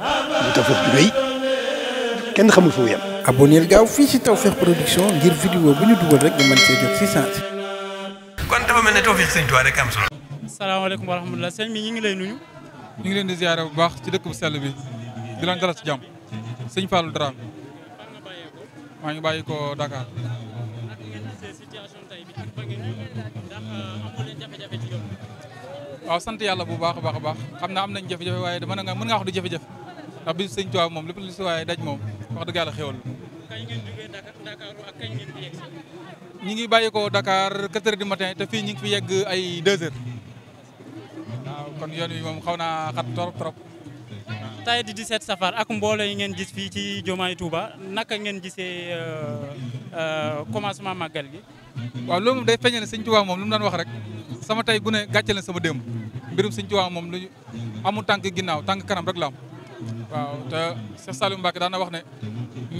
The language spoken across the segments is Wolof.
muy Tawfekh ju rëy kenn xamul fu mu yem. gaaw fii ci Tawfekh Production ngir vidéo bu ñu dugal rek nga mën see jot si sens. kon dafa mel ne Tawfekh Sëñ Tuubaa rek am solo. salaamaaleykum wa rahmatulah ñu ngi lay nuyu. ñu ngi leen di ziare bu baax ci dëkk bu sell bi di leen ci jàmm sëñ Fallou Dramé maa ngi bàyyi ko Dakar. waaw sant yàlla bu baax a baax a baax xam naa am nañ jafe-jafe waaye mën nga mën ngaa wax jafe-jafe ndax bisu sëñ Tuubaa moom lépp lu si waaye daj moom wax dëgg yàlla xéwal ñi ngi bàyyi ko Dakar 4 heures matin te fii ñi ngi fi yegg ay 2 heures waaw kon yoon wi moom xaw naa xat trop trop. tey di 17 safar ak mboole yi ngeen gis fii ci Jumaay Touba naka ngeen gisee euh, euh, commencement màggal gi. waaw loolu moom day feeñee ne sëñ Tuubaa moom lu mu daan wax rek sama tey gu ne gàcce sama démb mbirum sëñ Tuubaa moom lu amul tànk ginnaaw tànk kanam rek la waaw te Cheikh Saliou Mbacke daana wax ne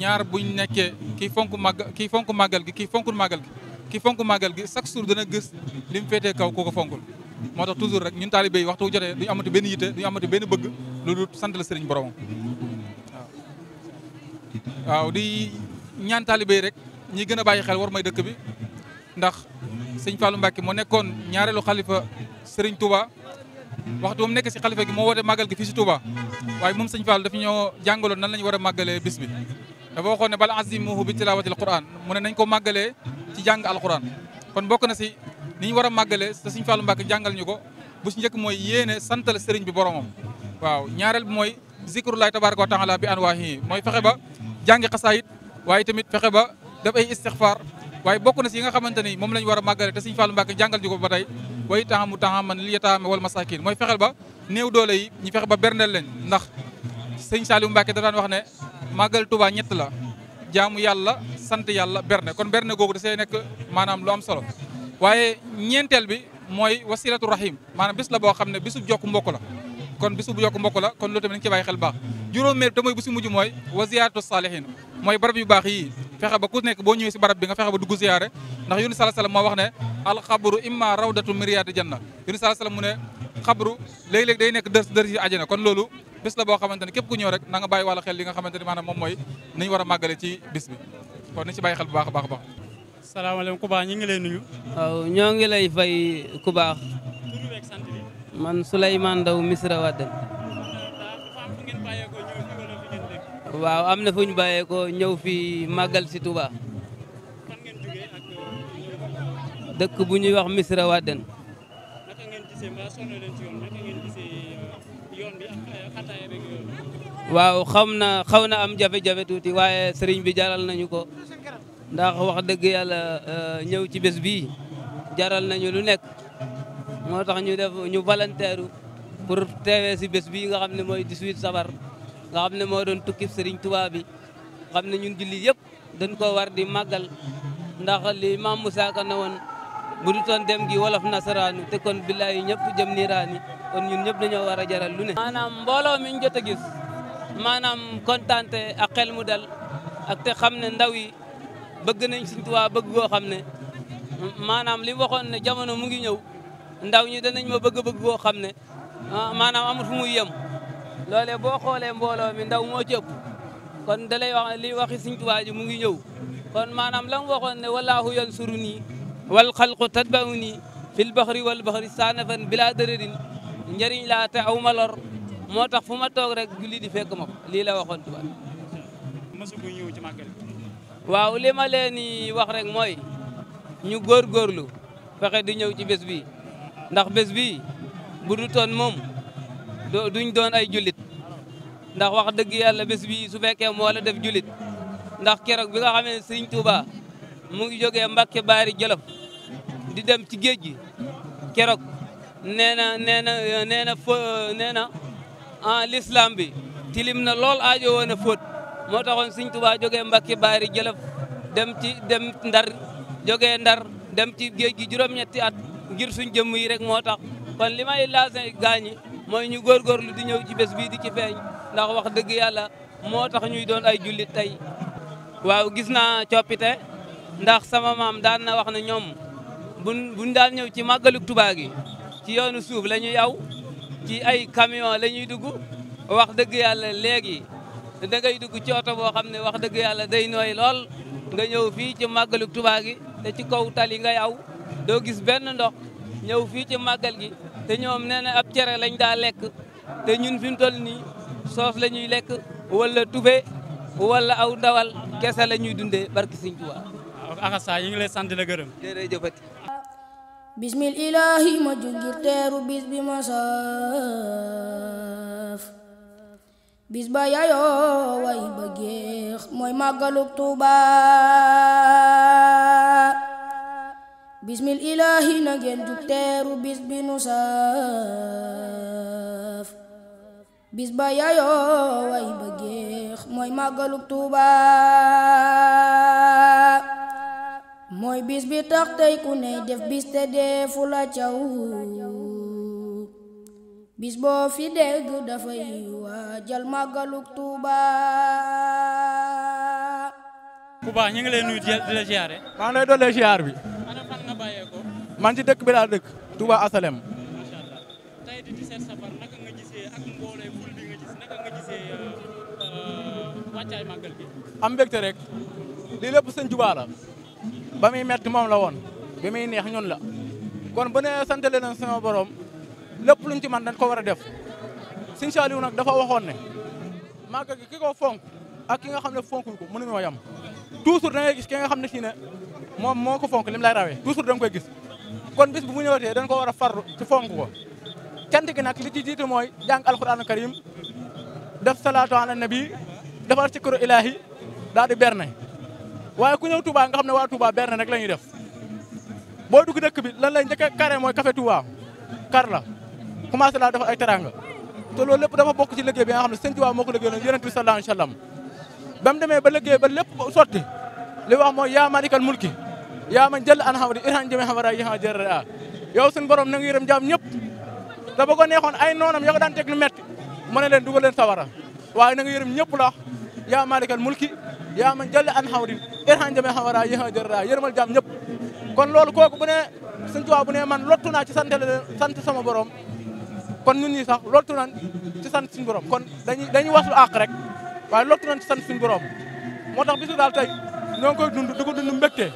ñaar buñ nekkee kii fonk màgg kii fonk màggal gi kii fonk màggal gi kii fonk màggal gi chaque jour dana gis li mu féetee kaw koo ko fonkul moo tax toujours rek ñun taalibe yi waxtu bu jotee duñu amati benn yitte duñu amati benn bëgg loolu sant la sëriñ borom waaw waaw di ñaan taalibe rek ñi gën a bàyyi xel war may dëkk bi ndax sëñ Fallou Mbacke moo nekkoon ñaareelu xalifa sëriñ Touba waxtu moom nekk si xalifa gi moo woote màggal gi fii si Touba waaye moom sëñ Fall daf ñoo jàngaloon nan la ñu war a màggalee bis bi dafa waxoon ne bal azimuhu bi tilawatil quran mu ne nañ ko màggalee ci jàng alquran kon bokk na si ni ñu war a màggalee te sëñ Fallu jàngal ñu ko bu si njëkk mooy yéene santal sëriñ bi boromam waaw ñaareel bi mooy zikrullahi tabaraka wa taala bi anwaahi mooy fexe ba jàngi xasaayit waaye tamit fexe ba def ay istixfar waaye bokk na si nga xamante ni moom lañ war a màggale te Sëriñ Fallu Mbàkke jàngal ñu ko ba tey way taxamu taxaman li yataame wal masakin mooy fexel ba néew doole yi ñu fexe ba berndeel leen ndax Sëriñ Saliou Mbàkke da daan wax ne màggal Tuubaa ñett la jaamu yàlla sant yàlla berne kon berne googu da see nekk maanaam lu am solo waaye ñeenteel bi mooy wasilatu rahim maanaam bis la boo xam ne bisu jokk mbokk la kon bisu bu yokk mbokk la kon loolu tamit nañu ci bàyyi xel baax juróomeel te mooy bisu mujj mooy wa ziyaaratu saalihin mooy barab yu baax yi fexe ba ku nekk boo ñëwee si barab bi nga fexe ba dugg ziyaare ndax yunus sallallahu alayhi wasallam moo wax ne alxabru imma rawdatu min riyaadi janna yunus sallallahu alayhi mu ne xabru léeg-léeg day nekk dër dër yi àjjana kon loolu bis la boo xamante ne képp ku ñëw rek na nga bàyyi wàlla xel li nga xamante ne maanaam moom mooy ni ñu war a màggale ci bis bi kon ni ci bàyyi xel bu baax a baax a baax ku baax ñu ngi lay nuyu waaw ñoo ngi lay fay ku baax man Souleymane Ndaw Misra waaw am na fu ñu bàyyee ko ñëw fii màggal si Touba. dëkk bu ñuy wax Missirah waaden euh, euh, waaw xam na xaw na am jafe-jafe tuuti waaye sëriñ bi jaral nañu ko ndax wax dëgg yàlla euh, ñëw ci bés bi jaral nañu lu nekk moo tax ñu def ñu volontaire pour teewee si bés bii nga xam ne mooy 18 safar. nga xam ne moo doon tukkib sëriñ Tuubaa bi xam ne ñun julli yëpp dañ koo war di màggal ndax li maam Moussa Ka ne woon bu du dem gi wolof nasaraanu te kon billaahi ñëpp jëm niiraani kon ñun ñëpp dañoo war a jaral lu ne. maanaam mbooloo mi jot a gis maanaam kontaante ak xel mu dal ak te xam ne ndaw yi bëgg nañ Sëriñ bëgg goo xam ne maanaam li waxoon ne jamono mu ngi ñëw ndaw ñi danañ ma bëgg bëgg goo xam ne ah, maanaam amul fu muy yem. loolee boo xoolee mbooloo mi ndaw moo ci kon da lay wax li waxi Sëñ Tuubaa ji mu ngi ñëw kon maanaam la mu waxoon ne wallaahu yansuru ni wal xalqu tatbau nii fil baxri wal baxri saanafan bila dërërin njëriñ laa te aw ma lor moo tax fu ma toog rek julli di fekk ma ko lii la waxoon Tuubaa waaw li ma leen di wax rek mooy ñu góorgóorlu fexe di ñëw ci bés bi ndax bés bi bu du toon moom duñ doon ay julli ndax wax dëgg yàlla bés bi su fekkee moo la def julit ndax keroog bi nga xamee ne sëriñ mu ngi jógee Mbacke Baari Jolof di dem ci géej gi keroog nee na nee na nee na fo nee na en ah, l'islam bi tilim na lool aajo woon a fóot moo taxoon sëriñ Touba jógee Mbacke Baari Jolof dem ci dem Ndar jógee Ndar dem ci géej gi juróom-ñetti at ngir suñ jëmm yi rek moo tax kon li may laase gaañi mooy ñu góorgóorlu di ñëw ci bés bii di ci feeñ ndax wax dëgg yàlla moo tax ñuy doon ay jullit tey waaw gis naa coppite ndax sama maam daan na wax na ñoom buñ buñ daan ñëw ci màggalug Tuubaa gi ci yoonu suuf la ñuy aw ci ay camion la ñuy dugg wax dëgg yàlla léegi da yi dugg ci oto boo xam ne wax dëgg yàlla day nooy lool nga ñëw fii ci màggalug Tuubaa gi te ci kaw tali ngay aw doo gis benn ndox ñëw fii ci màggal gi te ñoom nee ab cere lañ daa lekk te ñun fi mu soof la ñuy lekk wala tube wala aw ndawal kese la ñuy dundee barki Sëñ Tuubaa. waaw akasa ñu ngi lay sant di la gërëm. jërëjëfati. bismil ilaahi ma jungir teeru bis bi ma saaf bis ba yaayoo way ba géex mooy màggalug Tuubaa bismil ilaahi na ngeen jug teeru bis bi nu saaf. bis ba yayoo way ba géex mooy màggalug Tuuba mooy bis bi tax tey ku ney def bis te deefu la caw bis boo fi dégg dafay waajal màggalug Tuuba bu ñu ngi leen nuyu di la ziare maa ngi lay dollee ziar bi man ci dëkk bi laa dëkk Tuuba Asalem wàccaay màggal gi am mbégte rek lii lépp sëñ Tuubaa la ba muy metti moom la woon be muy neex ñun la kon bu ne sant leen sama borom lépp luñ ci man dañ ko war a def sëñ Saliou nag dafa waxoon ne màggal gi ki ko fonk ak ki nga xam ne fonkul ko mënuñoo yem toujours da ngay gis ki nga xam ne si ne moom moo ko fonk lim lay rawee toujours da nga koy gis kon bis bu mu ñëwatee dañ ko war a farlu ci fonk ko cant gi nag li ci jiitu mooy jàng alxuraanu karim def salaatu ala nabi defar ci këru ilaahi daal di berne waaye ku ñëw Touba nga xam ne waa Touba berne rek la ñuy def boo dugg dëkk bi lan lay njëkk a carré mooy café la commencé laa defar ay teranga te loolu lépp dafa bokk ci liggéey bi nga xam ne sëñ Touba moo ko liggéey yonent bi sallallahu alayhi wa sallam ba mu demee ba liggéey ba lépp sot li wax mooy yaa malikal mulki yaa ma jël an xamadi irhan jëme xamara yi xa jërëre a yow suñu borom na nga yërëm jaam ñëpp te ba ko neexoon ay noonam ya ko daan teg lu mu ne leen dugal leen sawara waaye na nga ñëpp la yaa malikal mulki yaa man jëlle an xawrin irhan jame xawara yéxa jërra yërmal jàmm ñëpp kon loolu kooku bu ne sëñ Tuubaa ne man lottu naa ci sant sant sama borom kon ñun ñi sax lottu nañ ci sant suñu borom kon dañuy dañuy waslu àq rek waaye lottu nañ ci sant suñu borom moo tax bisu daal tey ñoo ngi koy dund di ko dund mbégte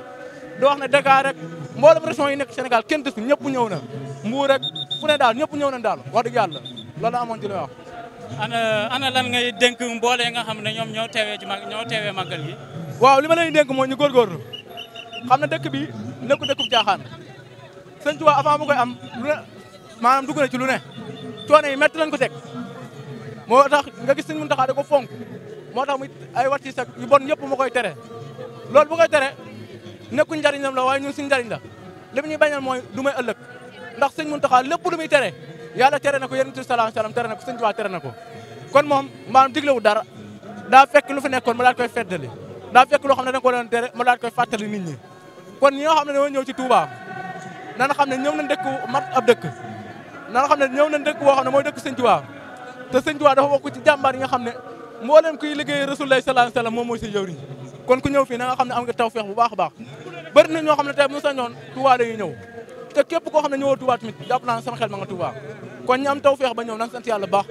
di wax ne Dakar rek mboolem région yi nekk Sénégal kenn desul ñëpp ñëw na Mbuur rek fu daal ñëpp ñëw na daal wax dëgg yàlla loolu amoon ci li wax ana ana lan ngay dénk mboole nga xam ne ñoom ñoo teewee ci mag ñoo teewee màggal gi. waaw li ma leen di dénk mooy ñu góorgóorlu xam ne dëkk bi nekku dëkkub caaxaan sëñ Tuubaa avant mu koy am lu ne maanaam dugg ci lu ne coono yi métti lañ ko teg moo tax nga gis sëñ Muntaxa da ko fonk moo tax muy ay wat ci sag yu bon yëpp mu koy tere loolu bu koy tere njariñ njariñam la waaye ñun suñu njariñ la li ñu ñuy bañal mooy du may ëllëg ndax sëñ Muntaxa lépp lu muy tere yàlla tere na ko yonent bi sallallahu alayhi wasallam tere na ko sëñ tere na ko kon moom maanaam diglewu dara daa fekk lu fi nekkoon ma daal koy feddali daa fekk loo xam ne da nga ko doon tere ma daal koy fàttali nit ñi kon ñi nga xam ne dañoo ñëw ci Touba na xam na ñëw na dëkk mat ab dëkk na xam ne ñëw nañ dëkk boo xam ne mooy dëkk sëñ Tuubaa te sëñ Tuubaa dafa bokk ci jàmbaar yi nga xam ne mboolem kuy liggéey Rasulullah sallallahu alayhi wasallam moom mooy si jëwriñ kon ku ñëw fii na nga xam ne am taw fex bu baax a baax na ñoo xam ne tey bu sañoon Touba la ñuy ñëw xam ne ñëwoo Touba tamit jàpp naa sama xel ma nga kon ñu am tawféex ba ñëw nañ sant yàlla baax.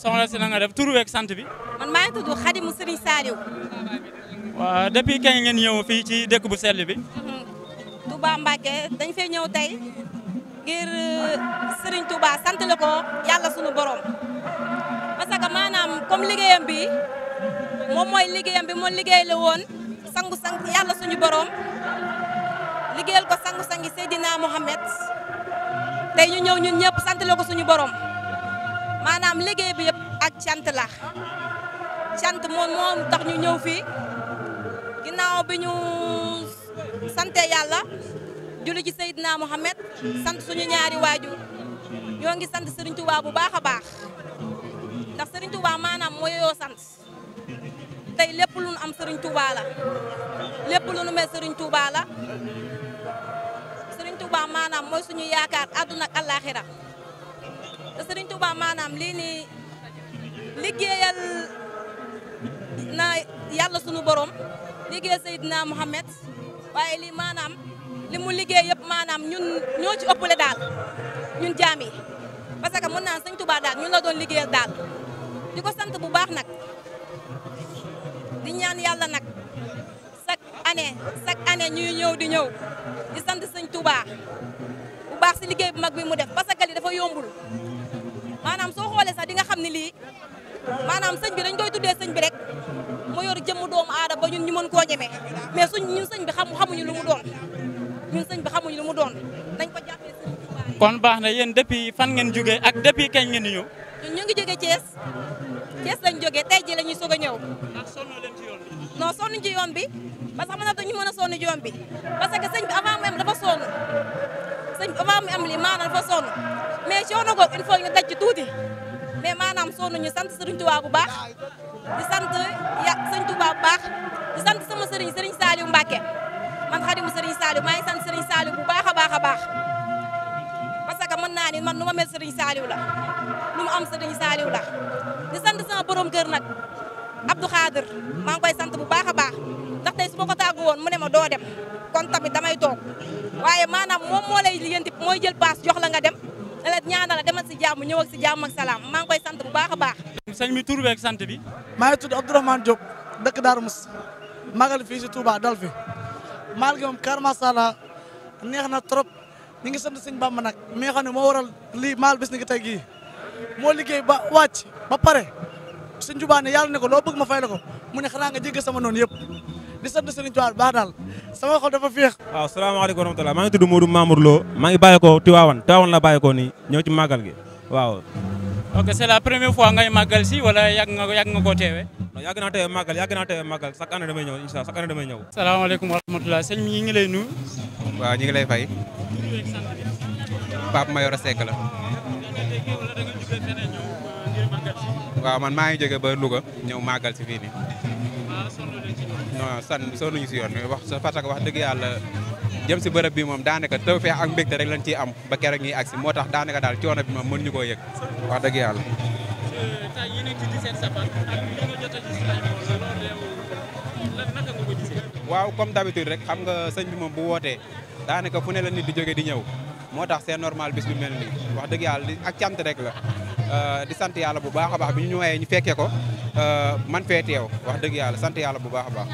soxna si na nga def tur beeg sant bi. man maa ngi tudd Xadimu Serigne Saliou. waaw depuis kañ ngeen ñëw fii ci dëkk bu sell bi. Mm-hmm. Touba Mbacké dañ fay ñëw tey ngir euh, Serigne Touba sant la ko yàlla sunu borom parce que maanaam liggéeyam bi moom mooy liggéeyam bi moo liggéey la woon sangu sang yàlla suñu borom liggéeyal ko sangu sangi Seydina Mohamed. tey ñu ñëw ñun ñëpp sant la suñu borom maanaam liggéey bi yëpp ak cant la cant moom moo tax ñu ñëw fii ginnaaw bi ñu sante yàlla julli ci Seydina Mohamed sant suñu ñaari waajur ñoo ngi sant Serigne Touba bu baax a baax ndax Serigne Touba maanaam moo yeyoo sant tey lépp lu nu am Serigne Touba la lépp lu nu mel Serigne Touba la mooy suñu yaakaar àdduna ak àllaaxira te Serigne maanaam lii nii liggéeyal na yàlla suñu borom liggéey Seydina Mohamed waaye lii maanaam li mu liggéey yëpp maanaam ñun ñoo ci ëppale daal ñun jaam yi parce que mën naa Serigne Touba daal ñun la doon liggéeyal daal di ko bu baax nag di ñaan yàlla nag chaque année chaque année ñuy ñëw di ñëw di sant Serigne Touba bu baax si liggéey bu mag bi mu def parce que li dafa yombul maanaam soo xoolee sax di nga xam ne lii maanaam sëñ bi dañ koy tuddee sëñ bi rek mu yor jëmm doomu aada ba ñun ñu mën koo ñemee mais suñ ñun sëñ bi xam xamuñu lu mu doon ñun sëñ bi xamuñu lu mu doon dañ ko jàppee sëñ bi kon baax na yéen depuis fan ngeen jógee ak depuis kañ ngeen ñëw ñun ñu ngi jógee Thiès Thiès lañ jógee tey ji la ñuy soog a ñëw ndax ah, sonn leen ci yoon bi non bi parce ñu mën a bi parce sëñ bi avant même dafa sonn sëñ avant mu am lii maanaam dafa sonn mais coono googu il faut ñu daj ci tuuti mais maanaam sonn ñu sant sëriñ Tuubaa bu baax di sant ya sëñ Tuubaa bu baax di sant sama sëriñ sëriñ Saliou Mbacke man xadimu sëriñ Saliou maa ngi sant sëriñ Saliou bu baax a baax a baax parce que mën naa ni man nu ma mel sëriñ la nu am sëriñ Saliou la di sant sama borom kër nag Abdou Khadir koy sant bu baax a baax. ndax tey su ma ko tàggu woon mu ne ma doo dem kon tamit damay toog waaye maanaam moom moo lay liggéenti mooy jël paas jox la nga dem ne la ñaanal demal si jàmm ñëw ak si jàmm ak salaam maa ngi koy sant bu baax a baax. sëñ mi tur beeg sant bi. maa ngi tudd Abdourahmane Diop dëkk Darou Moussa magal fii si Touba dal fi magal gi moom kàr masala neex na trop ñu ngi sant sëñ Bamba nag mi nga xam ne moo waral lii maal bis ni ki tey gii moo liggéey ba wàcc ba pare sëñ Juba ne yàlla ne ko loo bëgg ma fay la ko mu ne xanaa nga jégg sama noonu yëpp. di sant Serigne Touba baax daal sama xol dafa féex. waaw salaamaaleykum wa rahmatulah maa ngi tudd Modou Mamour loo maa ngi bàyyeekoo Tiwaawan Tiwaawan la bàyyeekoo nii ñëw ci màggal gi waaw. ok c'est la première fois ngay màggal si wala yàgg nga yàgg nga koo teewee. non yàgg naa teewee màggal yàgg naa teewee màggal chaque année damay ñëw incha allah chaque année damay ñëw. salaamaaleykum ngi lay nuyu. waaw ñu ngi lay fay. Pape Mayoro Seck la. waaw man maa ngi jóge ba Louga ñëw màggal si fii non san soo ñu si yoon wax parce que wax dëgg yàlla jëm si bërëb bii moom daanaka tawfeex ak mbégte rek lañ ci am ba keroog ñuy agsi moo tax daanaka daal coono bi moom mën ñu koo yëg wax dëgg yàlla comme d'habitude rek xam nga sëñ moom bu wootee daanaka fu ne la nit di jóge di ñëw moo tax c'est normal bis bi mel nii wax dëgg yàlla ak cant rek la euh, di sant yàlla bu baax a baax bi ñu ñëwee ñu fekkee ko Euh, man fee teew wax dëgg yàlla sant yàlla bu baax a baax.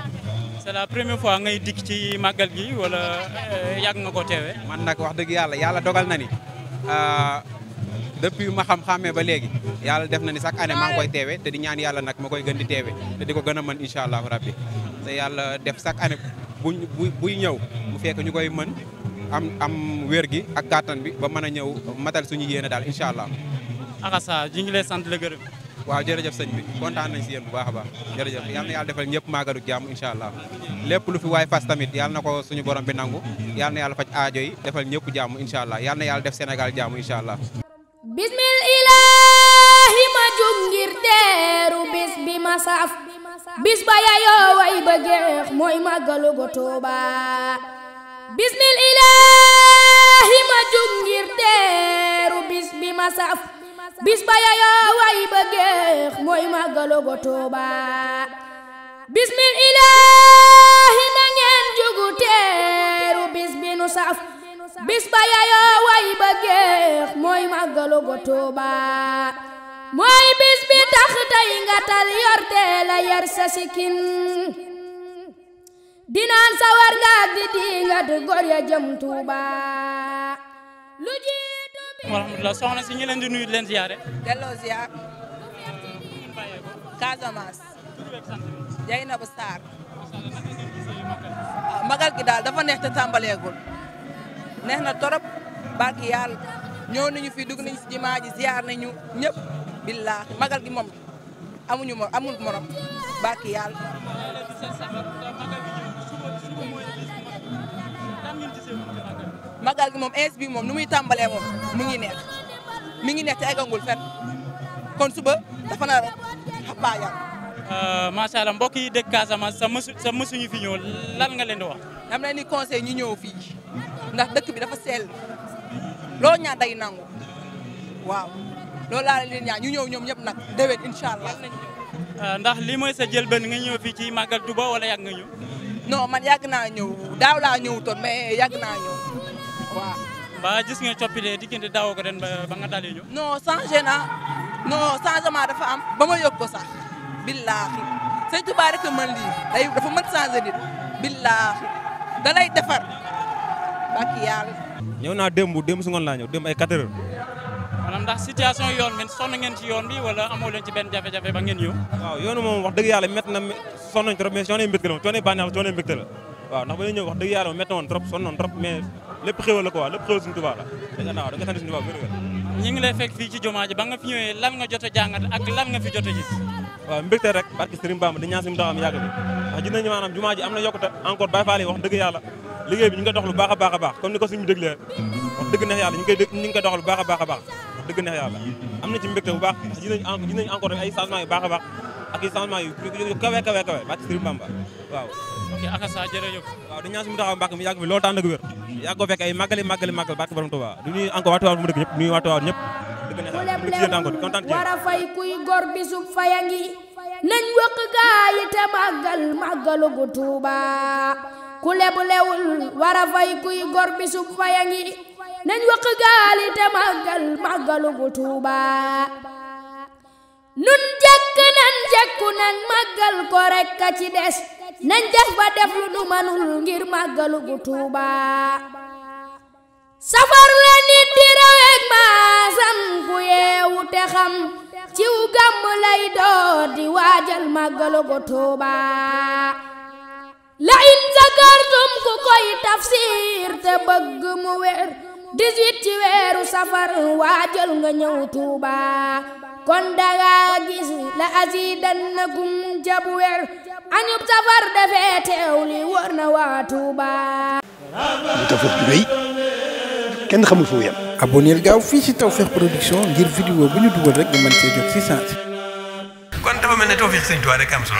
c'est la première fois ngay dikk ci màggal gi wala euh, yàgg nga ko teewee. man nag wax dëgg yàlla yàlla dogal na ni euh, depuis ma xam-xamee ba léegi yàlla def na ni chaque année maa ngi koy teewee te di ñaan yàlla nag ma koy gën di teewe te di ko gën a mën incha allahu rabbi te yàlla def chaque année bu buy ñëw mu fekk ñu koy mën am am wér gi ak gàttan bi ba mën a ñëw matal suñu yéene daal incha allah. Akassa ñu ngi lay waaw jërëjëf sëñ bi kontaan nañ si yéen bu baax baax jërëjëf yal na yàlla defal ñëpp maagalu jàmm incha allah lépp lu fi waay fas tamit yal na ko suñu borom bi nangu yal na yàlla faj aajo yi defal ñëpp jàmm incha allah yal na yàlla def Sénégal jàmm incha allah bismil ilaahi ma jug ngir teeru bis bi ma bis ba yayoo way ba mooy màggalu go Tuuba bismil bis ba yayoo way ba géex mooy màggalu go Tuuba bismil ilaahi na ngeen jugu teeru nu saf bis yayoo way ba géex mooy màggalu go Tuuba mooy bis bi tax nga tal yorte la yar sa sikin dinaan sawar nga di dingat gor ya jëm Tuuba alhamdulilah soxna si ñu leen di nuyu leen ziare. delloo ziar. Casamance. na Sarr. waaw ah, magal gi daal dafa neex te tàmbaleegul. neex na torop barki yàlla ñoo nañu fii dug nañu si jumaa ji nañu ñëpp. billaahi magal gi moom amuñu amul morom barki yàlla. magal gi moom ins bi moom nu muy tàmbalee moom mu ngi neex mi ngi neex te eggagul fen kon suba dafa na xabaayal. Euh, macha allah mbokk yi dëkk Casamance sa mësu sa mësuñu fi ñëw lan nga leen di wax. dama ni di conseil ñu ñëw fii ndax dëkk bi dafa seel loo ñaan day nangu waaw loolu laa leen ñaan ñu ñëw ñoom ñëpp nag déwén incha allah. Euh, ndax lii mooy sa jëlbeen nga ñëw fii ci Magal Touba wala yàgg nga ñëw. non man yàgg naa ñëw daaw laa ñëw toon mais yàgg naa ñëw. waaw ba gis nga coppite diggante daaw ko ren ba nga dalee ñu non changé na non changement dafa am ba ma yëg ko sax billaahi sëñ Tuubaa rek mën lii day dafa mën changé nit billaahi da lay defar bàkk yàlla ñëw naa démb démb su ngoon laa ñëw démb ay 4 heures maanaam ndax yoon bi sonn ngeen ci yoon bi wala amoo ci benn jafe-jafe ba ngeen ñëw waaw yoonu moom wax dëgg yàlla métti na sonn nañ trop mais coono mbégte la moom waaw ndax ba ñuy ñëw wax dëgg yàlla métti woon trop sonn noon lépp xéwal la quoi lépp xéwal suñu Tuubaa la danga naaw danga sant suñu Tuubaa wér-wér ñu ngi lay fekk fii ci jumaa ji ba nga fi lan nga jot a ak lan nga fi jot a gis waaw mbégte rek barke Serigne Bamba di ñaan suñu doxam yàgg bi ndax gis nañu am na yokkute encore Baye Fall yi wax dëgg yàlla liggéey bi ñu ngi ko dox lu baax a baax a baax comme ni ko suñu déglee wax dëgg neex yàlla ñu ngi koy ñu ngi ko dox lu baax a a baax wax dëgg neex yàlla am na ci mbégte bu baax gis nañu gis nañu encore ay changement yu baax a baax ak ay changement yu kawe kawe ok akasa jërëjëf taxaw mbàkk mi yàgg fi loolu tànn ak wér yàgg ko ay màggali màggali màggal barke borom Tuuba du ñuy encore waa Tuuba mu dëkk ñëpp nuyu waa Tuuba ñëpp war a fay kuy gor bisub fayangi nañ a nañ wëq gaali te màggal màggalu gu Tuuba nun jëkk nan jëkku nan màggal ko rekk a ci des nañ def ba def safar la nit di raweeg maasam ku yeewu te xam ciw gàmm lay door waajal màggalu gu Tuuba la in zakartum ku koy tafsir te bëgg mu wér 18 ci weeru safar waajal nga ñëw Tuuba kon danga gis la azidannakum jabu wér añub safar dafee teew li wër na waa Touba. muy Tawfekh ju rëy kenn xamul fu mu yem. abonneel gaaw fii ci Tawfekh production ngir vidéo bu ñu dugal rek mën see jot si saa si. kon dafa mel ne Tawfekh Sëriñ Tuubaa rek am solo.